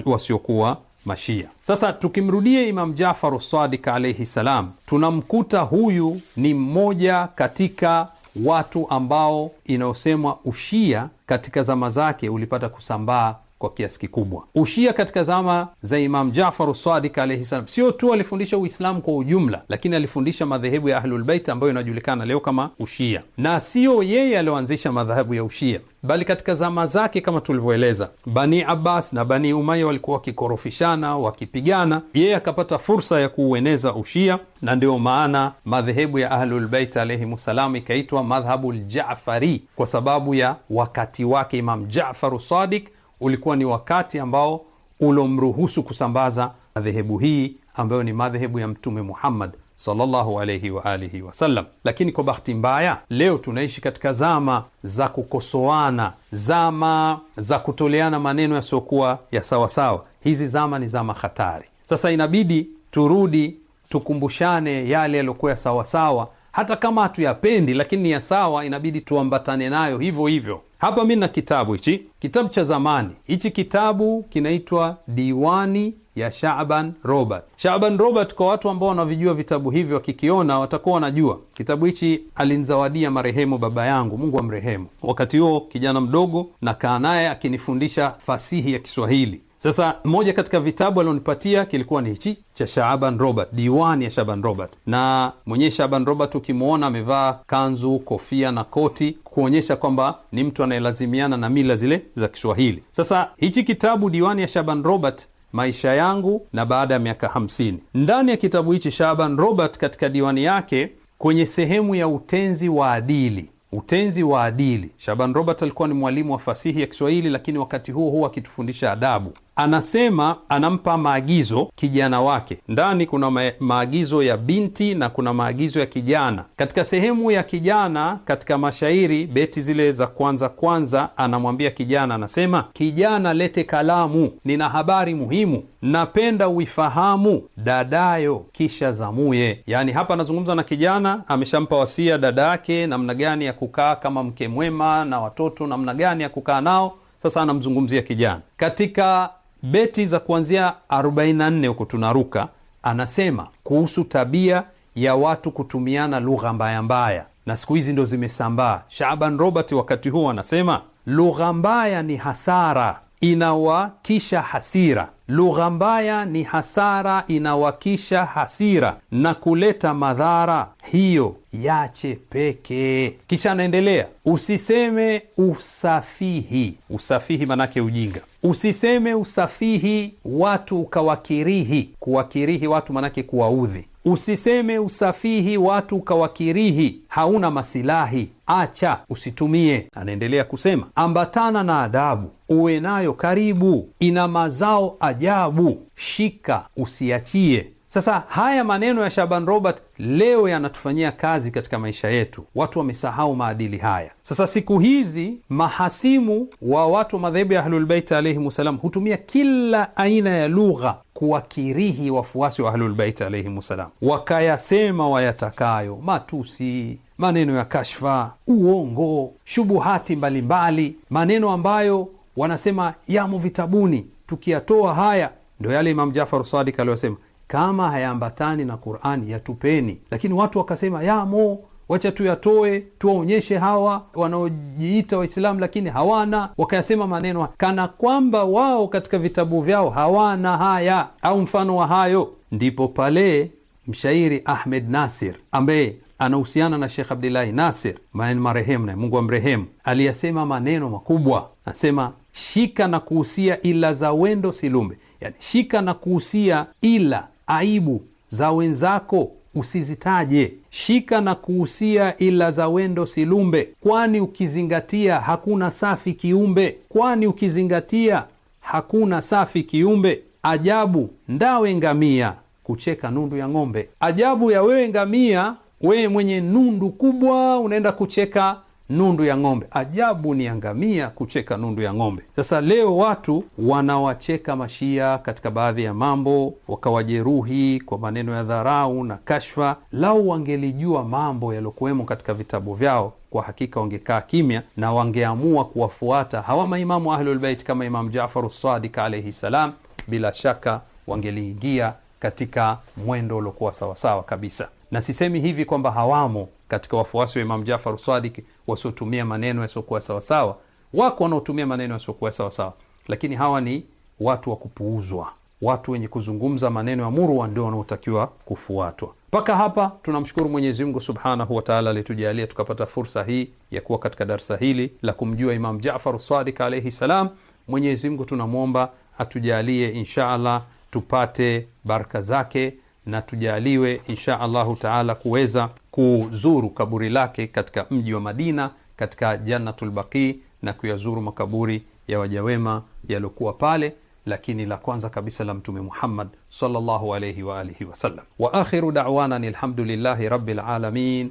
wasiokuwa Mashia. Sasa tukimrudia Imam Jafar Sadik alaihi salam, tunamkuta huyu ni mmoja katika watu ambao inayosemwa ushia katika zama zake ulipata kusambaa kwa kiasi kikubwa. Ushia katika zama za Imam Jafar sadik alaihi salam sio tu alifundisha Uislamu kwa ujumla, lakini alifundisha madhehebu ya Ahlulbeit ambayo inajulikana leo kama Ushia, na siyo yeye alioanzisha madhehebu ya Ushia bali katika zama zake kama tulivyoeleza, Bani Abbas na Bani Umaya walikuwa wakikorofishana, wakipigana. Yeye akapata fursa ya kuueneza Ushia, na ndiyo maana madhehebu ya Ahlulbeit alaihim ssalam ikaitwa madhhabu ljafari, kwa sababu ya wakati wake Imam Jafaru Sadik ulikuwa ni wakati ambao ulomruhusu kusambaza madhehebu hii ambayo ni madhehebu ya Mtume Muhammad sallallahu alayhi wa alihi wasallam. Lakini kwa bahati mbaya, leo tunaishi katika zama za kukosoana, zama za kutoleana maneno yasiyokuwa ya sawasawa. Hizi zama ni zama hatari. Sasa inabidi turudi tukumbushane yale yaliyokuwa ya sawasawa, hata kama hatuyapendi, lakini ya sawa inabidi tuambatane nayo hivyo hivyo. Hapa mi na kitabu hichi, kitabu cha zamani hichi. Kitabu kinaitwa Diwani ya Shaban Robert. Shaban Robert, kwa watu ambao wanavijua vitabu hivyo, wakikiona watakuwa wanajua kitabu hichi. alinzawadia marehemu baba yangu, Mungu amrehemu, wakati huo kijana mdogo, nakaa naye akinifundisha fasihi ya Kiswahili sasa moja katika vitabu alionipatia kilikuwa ni hichi cha Shaaban Robert, diwani ya shaban Robert. Na mwenyewe shaban Robert ukimwona amevaa kanzu, kofia na koti kuonyesha kwamba ni mtu anayelazimiana na mila zile za Kiswahili. Sasa hichi kitabu diwani ya shaban Robert maisha yangu na baada ya miaka hamsini. Ndani ya kitabu hichi Shaaban Robert katika diwani yake kwenye sehemu ya utenzi wa adili utenzi wa adili. Shaban Robert alikuwa ni mwalimu wa fasihi ya Kiswahili, lakini wakati huo huo akitufundisha adabu anasema anampa maagizo kijana wake. Ndani kuna ma maagizo ya binti na kuna maagizo ya kijana. Katika sehemu ya kijana katika mashairi, beti zile za kwanza kwanza, anamwambia kijana, anasema kijana, lete kalamu, nina habari muhimu, napenda uifahamu, dadayo kisha zamuye. yani hapa anazungumza na kijana, ameshampa wasia dada yake namna gani ya kukaa kama mke mwema na watoto namna gani ya kukaa nao. Sasa anamzungumzia kijana katika beti za kuanzia 44 huko tunaruka, anasema kuhusu tabia ya watu kutumiana lugha mbaya mbaya, na siku hizi ndo zimesambaa. Shaban Robert wakati huo anasema lugha mbaya ni hasara inawakisha hasira. Lugha mbaya ni hasara inawakisha hasira na kuleta madhara, hiyo yache pekee. Kisha anaendelea, usiseme usafihi. Usafihi manake ujinga Usiseme usafihi watu ukawakirihi. Kuwakirihi watu maanake kuwaudhi. Usiseme usafihi watu ukawakirihi, hauna masilahi, acha usitumie. Anaendelea kusema, ambatana na adabu, uwe nayo karibu, ina mazao ajabu, shika usiachie. Sasa haya maneno ya Shaban Robert leo yanatufanyia kazi katika maisha yetu. Watu wamesahau maadili haya. Sasa siku hizi mahasimu wa watu wa madhehebu ya Ahlulbeit alaihim wassalam hutumia kila aina ya lugha kuwakirihi wafuasi wa Ahlulbeit alaihim wassalam, wakayasema wayatakayo, matusi maneno ya kashfa, uongo, shubuhati mbalimbali mbali, maneno ambayo wanasema yamo vitabuni. Tukiyatoa haya, ndo yale Imam Jafar Sadik aliyosema kama hayaambatani na Qur'ani yatupeni. Lakini watu wakasema yamo, wacha tuyatoe, tuwaonyeshe hawa wanaojiita Waislamu lakini hawana. Wakayasema maneno kana kwamba wao katika vitabu vyao hawana haya au mfano wa hayo. Ndipo pale mshairi Ahmed Nasir ambaye anahusiana na Shekh Abdillahi Nasir marehemu, naye Mungu amrehemu, aliyasema maneno makubwa. Anasema shika na kuhusia ila za wendo silumbe, yani shika na kuhusia ila aibu za wenzako usizitaje, shika na kuhusia ila za wendo silumbe, kwani ukizingatia hakuna safi kiumbe, kwani ukizingatia hakuna safi kiumbe. Ajabu ndawe ngamia kucheka nundu ya ng'ombe, ajabu ya wewe ngamia, wewe mwenye nundu kubwa unaenda kucheka nundu ya ng'ombe. Ajabu ni angamia kucheka nundu ya ng'ombe. Sasa leo watu wanawacheka mashia katika baadhi ya mambo, wakawajeruhi kwa maneno ya dharau na kashfa. Lau wangelijua mambo yaliyokuwemo katika vitabu vyao, kwa hakika wangekaa kimya na wangeamua kuwafuata hawa maimamu Ahlulbeit kama Imamu Jafaru sadik alaihi ssalam, bila shaka wangeliingia katika mwendo uliokuwa sawasawa kabisa na sisemi hivi kwamba hawamo katika wafuasi wa Imam Jafar Sadik wasiotumia maneno yasiokuwa sawasawa. Wako wanaotumia maneno yasiokuwa sawasawa, lakini hawa ni watu wa kupuuzwa, watu wenye kuzungumza maneno ya murwa ndio wanaotakiwa kufuatwa. Mpaka hapa tunamshukuru Mwenyezi Mungu subhanahu wataala aliyetujalia tukapata fursa hii ya kuwa katika darsa hili la kumjua Imam Jafar Sadik alaihi salam. Mwenyezi Mungu tunamwomba atujalie inshaallah tupate baraka zake na tujaliwe insha allahu taala kuweza kuzuru kaburi lake katika mji wa Madina katika Jannatul Baqi na kuyazuru makaburi ya wajawema yaliokuwa pale, lakini la kwanza kabisa la Mtume Muhammad sallallahu alayhi wa alihi wasallam. Wa akhiru da'wana alhamdulillahi rabbil alamin.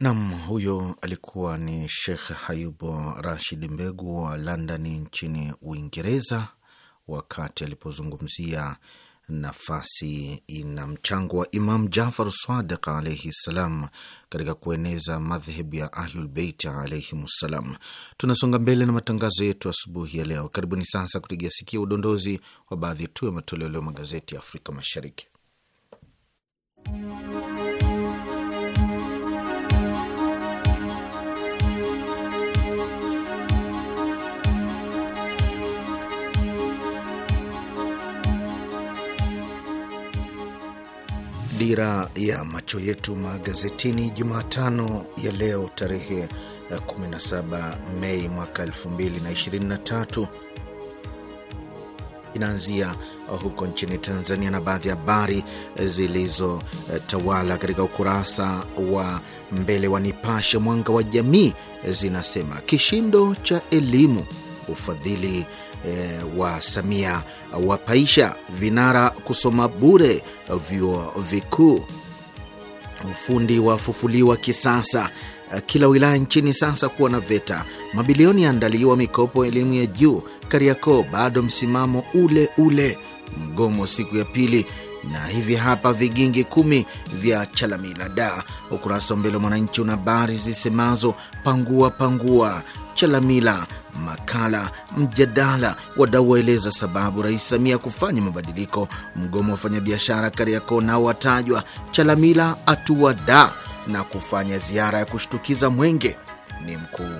Nam, huyo alikuwa ni Shekh Hayubu Rashid Mbegu wa London nchini Uingereza, wakati alipozungumzia nafasi na mchango wa Imam Jafar Sadiq alaihi ssalam katika kueneza madhhebu ya Ahlulbeit alaihim ssalam Tunasonga mbele na matangazo yetu asubuhi ya leo. Karibuni sasa kutegea sikia udondozi wa baadhi tu ya matoleo leo magazeti ya Afrika Mashariki. Dira ya macho yetu magazetini Jumatano ya leo tarehe 17 Mei mwaka 2023 inaanzia huko nchini Tanzania na baadhi ya habari zilizotawala katika ukurasa wa mbele wa Nipashe Mwanga wa Jamii zinasema kishindo cha elimu, ufadhili e, wa Samia wapaisha vinara kusoma bure vyuo vikuu, ufundi wafufuliwa kisasa eh, kila wilaya nchini sasa kuwa na VETA, mabilioni yaandaliwa mikopo elimu ya juu. Kariakoo bado msimamo ule ule, mgomo siku ya pili na hivi hapa vigingi kumi vya Chalamila da. Ukurasa wa mbele wa Mwananchi una habari zisemazo pangua pangua, cha Lamila, makala mjadala, wadau waeleza sababu Rais Samia kufanya mabadiliko, mgomo wa wafanyabiashara Kariakoo nao watajwa, Chalamila atua da na kufanya ziara ya kushtukiza Mwenge. Ni mkuu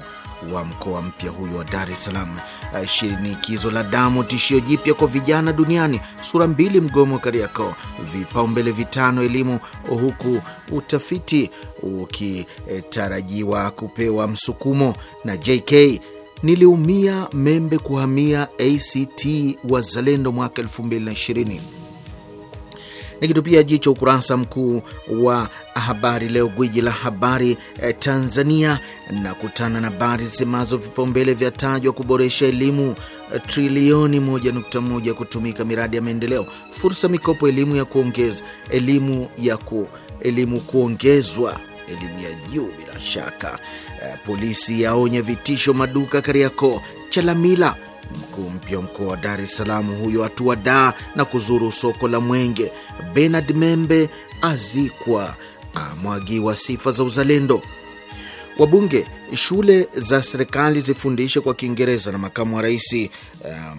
wa mkoa mpya huyo wa Dar es Salaam. Eh, shinikizo la damu, tishio jipya kwa vijana duniani. Sura mbili mgomo wa Kariakoo, vipaumbele vitano elimu, huku utafiti ukitarajiwa kupewa msukumo. Na JK niliumia Membe kuhamia ACT Wazalendo mwaka 2020 nikitupia jicho ukurasa mkuu wa habari leo, gwiji la habari eh, Tanzania, na kutana na habari zisemazo vipaumbele vya tajwa kuboresha elimu, eh, trilioni 1.1 kutumika miradi ya maendeleo, fursa mikopo elimu ya kuongeza elimu ya ku, elimu kuongezwa elimu ya juu bila shaka. Eh, polisi yaonya vitisho maduka Kariakoo, Chalamila Mkuu mpya mkoa wa Dar es Salaam huyo atua daa na kuzuru soko la Mwenge. Bernard Membe azikwa, amwagiwa sifa za uzalendo. Wabunge shule za serikali zifundishe kwa Kiingereza na makamu wa rais eh,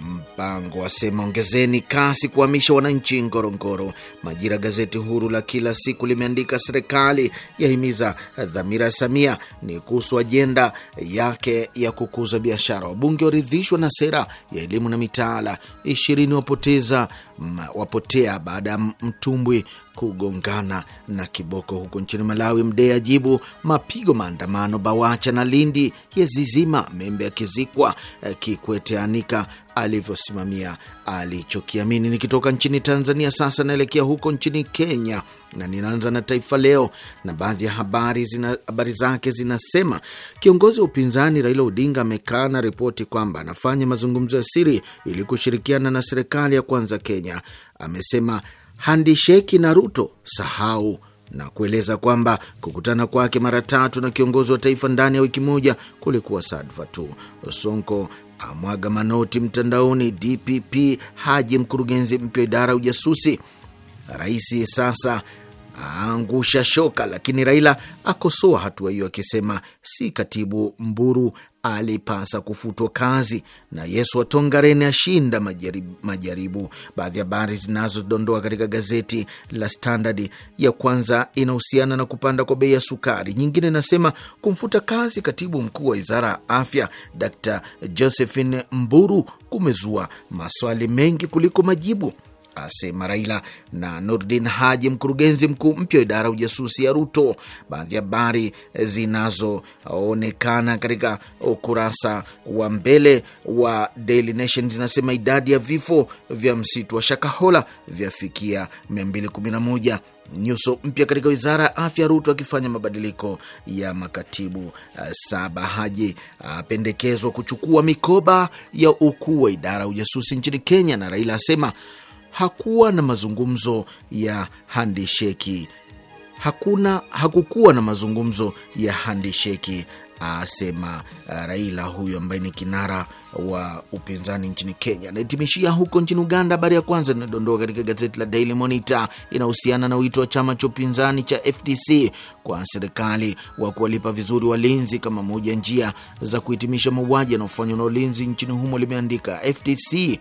mpango um, wasema ongezeni kasi kuhamisha wananchi Ngorongoro. Majira gazeti huru la kila siku limeandika serikali yahimiza dhamira ya Samia ni kuhusu ajenda yake ya kukuza biashara. Wabunge waridhishwa na sera ya elimu na mitaala. ishirini wapoteza mm, wapotea baada ya mtumbwi kugongana na kiboko. Huko nchini Malawi, Mdee ajibu mapigo maandamano Bawacha na Lindi yazizima, Membe akizikwa, eh, Kikwete anika alivyosimamia alichokiamini. Nikitoka nchini Tanzania sasa naelekea huko nchini Kenya, na ninaanza na Taifa Leo na baadhi ya habari zina, habari zake zinasema kiongozi wa upinzani Raila Odinga amekana ripoti kwamba anafanya mazungumzo ya siri ili kushirikiana na serikali ya kwanza Kenya. Amesema handisheki na Ruto, sahau na kueleza kwamba kukutana kwake mara tatu na kiongozi wa taifa ndani ya wiki moja kulikuwa sadfa tu. Sonko amwaga manoti mtandaoni. DPP Haji, mkurugenzi mpya wa idara ya ujasusi. Raisi sasa aangusha shoka, lakini Raila akosoa hatua hiyo akisema si katibu Mburu alipasa kufutwa kazi na Yesu wa Tongareni ashinda majaribu, majaribu. Baadhi ya habari zinazodondoa katika gazeti la Standard, ya kwanza inahusiana na kupanda kwa bei ya sukari, nyingine inasema kumfuta kazi katibu mkuu wa wizara ya afya Dr Josephine Mburu kumezua maswali mengi kuliko majibu asema Raila, na Nurdin Haji, mkurugenzi mkuu mpya wa idara ya ujasusi ya Ruto. Baadhi ya habari zinazoonekana katika ukurasa wa mbele wa Daily Nation zinasema idadi ya vifo vya msitu wa Shakahola vyafikia 211. Nyuso mpya katika wizara ya afya, Ruto akifanya mabadiliko ya makatibu saba. Haji apendekezwa kuchukua mikoba ya ukuu wa idara ya ujasusi nchini Kenya, na Raila asema hakuwa na mazungumzo ya handisheki hakuna hakukuwa na mazungumzo ya handisheki asema uh, Raila huyu ambaye ni kinara wa upinzani nchini Kenya. Nahitimishia huko nchini Uganda. Habari ya kwanza inadondoka katika gazeti la Daily Monitor inahusiana na wito wa chama cha upinzani cha FDC kwa serikali wa kuwalipa vizuri walinzi kama moja njia za kuhitimisha mauaji yanayofanywa na ulinzi nchini humo. Limeandika FDC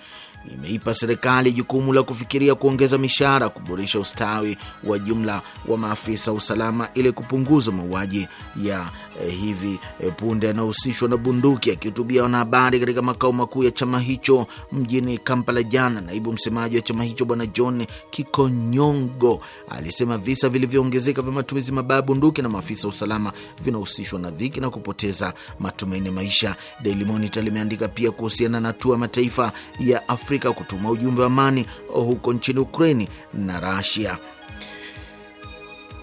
imeipa serikali jukumu la kufikiria kuongeza mishahara, kuboresha ustawi wa jumla wa maafisa usalama ili kupunguza mauaji ya eh, hivi eh, punde yanayohusishwa na bunduki. Akihutubia wanahabari katika katika makao makuu ya chama hicho mjini Kampala jana. Naibu msemaji wa chama hicho Bwana John Kikonyongo alisema visa vilivyoongezeka vya matumizi mabaya bunduki na maafisa wa usalama vinahusishwa na dhiki na kupoteza matumaini ya maisha. Daily Monitor limeandika pia kuhusiana na hatua ya mataifa ya Afrika kutuma ujumbe wa amani huko nchini Ukraini na Rasia.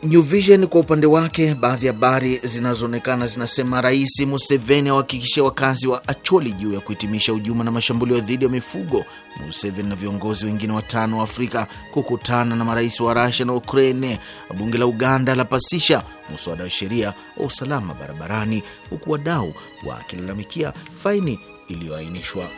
New Vision kwa upande wake, baadhi ya habari zinazoonekana zinasema Rais Museveni awahakikishia wakazi wa Acholi juu ya kuhitimisha hujuma na mashambulio dhidi ya mifugo. Museveni na viongozi wengine watano wa Afrika kukutana na marais wa Russia na Ukraine. Bunge la Uganda lapasisha muswada wa sheria wa usalama barabarani, huku wadau wakilalamikia faini iliyoainishwa.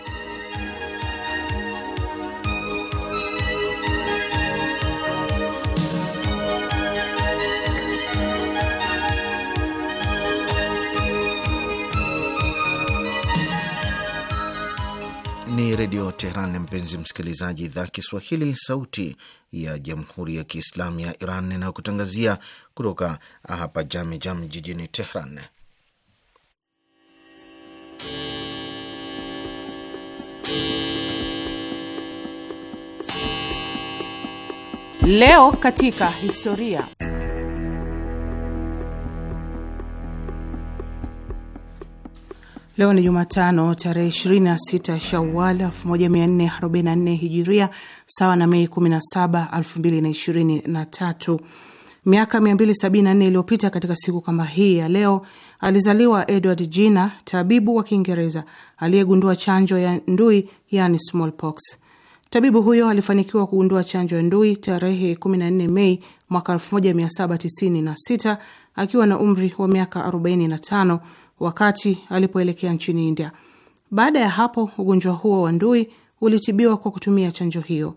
Redio Teheran, mpenzi msikilizaji, idhaa Kiswahili, sauti ya jamhuri ya Kiislamu ya Iran inayokutangazia kutoka hapa jami Jam jijini Teheran. Leo katika historia Leo ni Jumatano tarehe 26 Shawal 1444 Hijiria, sawa na Mei 17, 2023. Miaka 274 iliyopita katika siku kama hii ya leo alizaliwa Edward Jenner, tabibu wa Kiingereza aliyegundua chanjo ya ndui, yani smallpox. Tabibu huyo alifanikiwa kugundua chanjo ya ndui tarehe 14 Mei mwaka 1796 akiwa na umri wa miaka 45 wakati alipoelekea nchini India. Baada ya hapo, ugonjwa huo wa ndui ulitibiwa kwa kutumia chanjo hiyo.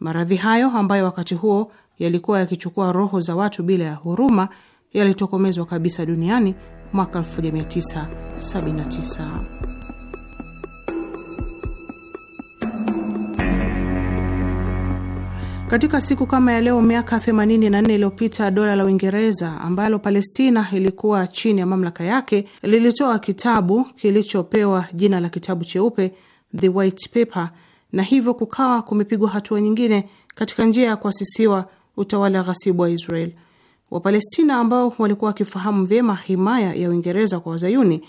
Maradhi hayo ambayo wakati huo yalikuwa yakichukua roho za watu bila ya huruma yalitokomezwa kabisa duniani mwaka 1979. Katika siku kama ya leo miaka 84 iliyopita dola la Uingereza ambalo Palestina ilikuwa chini ya mamlaka yake lilitoa kitabu kilichopewa jina la kitabu cheupe, The White Paper, na hivyo kukawa kumepigwa hatua nyingine katika njia ya kuasisiwa utawala ghasibu wa Israel. Wapalestina ambao walikuwa wakifahamu vyema himaya ya Uingereza kwa Wazayuni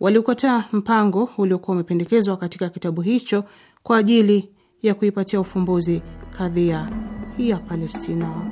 walikataa mpango uliokuwa umependekezwa katika kitabu hicho kwa ajili ya kuipatia ufumbuzi kadhia ya Palestina.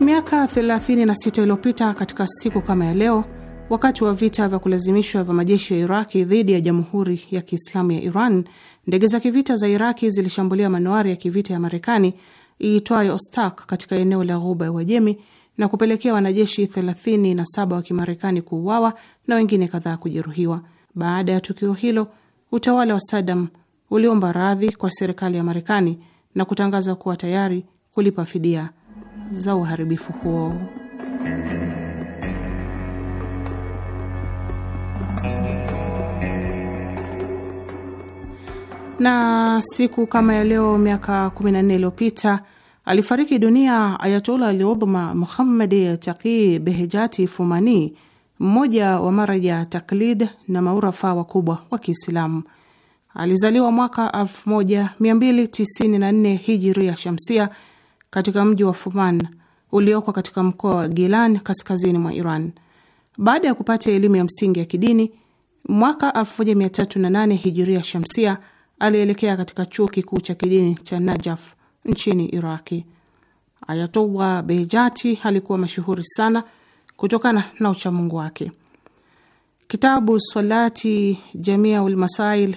Miaka 36 iliyopita katika siku kama ya leo, wakati wa vita vya kulazimishwa vya majeshi ya Iraki dhidi ya Jamhuri ya Kiislamu ya Iran, ndege za kivita za Iraki zilishambulia manowari ya kivita ya Marekani iitwayo Ostak katika eneo la Ghuba ya Uajemi na kupelekea wanajeshi 37 wa Kimarekani kuuawa na wengine kadhaa kujeruhiwa. Baada ya tukio hilo, utawala wa Sadam uliomba radhi kwa serikali ya Marekani na kutangaza kuwa tayari kulipa fidia za uharibifu huo. Na siku kama ya leo miaka 14 iliyopita alifariki dunia Ayatola Aliudhma Muhammadi Taqi Behejati Fumani, mmoja wa maraja taklid na maurafa wakubwa wa Kiislamu. Alizaliwa mwaka 1294 ya shamsia katika mji wa Fuman ulioko katika mkoa wa Gilan kaskazini mwa Iran. Baada ya kupata elimu ya msingi ya kidini mwaka 1308 hijiria shamsia, alielekea katika chuo kikuu cha kidini cha Najaf nchini Iraki. Ayatollah Beijati alikuwa mashuhuri sana kutokana na uchamungu wake. Kitabu Salati jamia ulmasail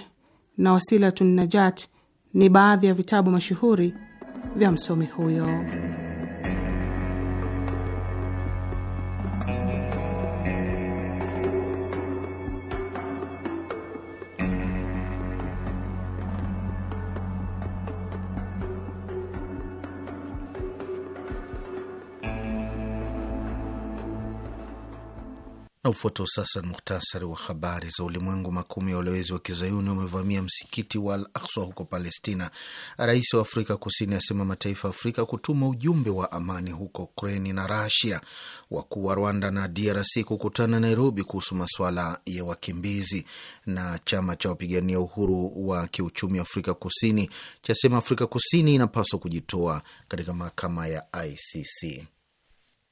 na Wasilatu Najat ni baadhi ya vitabu mashuhuri vya msomi huyo. Na ufuatao sasa ni muhtasari wa habari za ulimwengu. Makumi ya walowezi wa kizayuni wamevamia msikiti wa Al Akswa huko Palestina. Rais wa Afrika Kusini asema mataifa ya Afrika kutuma ujumbe wa amani huko Ukraini na Rasia. Wakuu wa Rwanda na DRC kukutana Nairobi kuhusu masuala ya wakimbizi. Na chama cha wapigania uhuru wa kiuchumi Afrika Kusini chasema Afrika Kusini inapaswa kujitoa katika mahakama ya ICC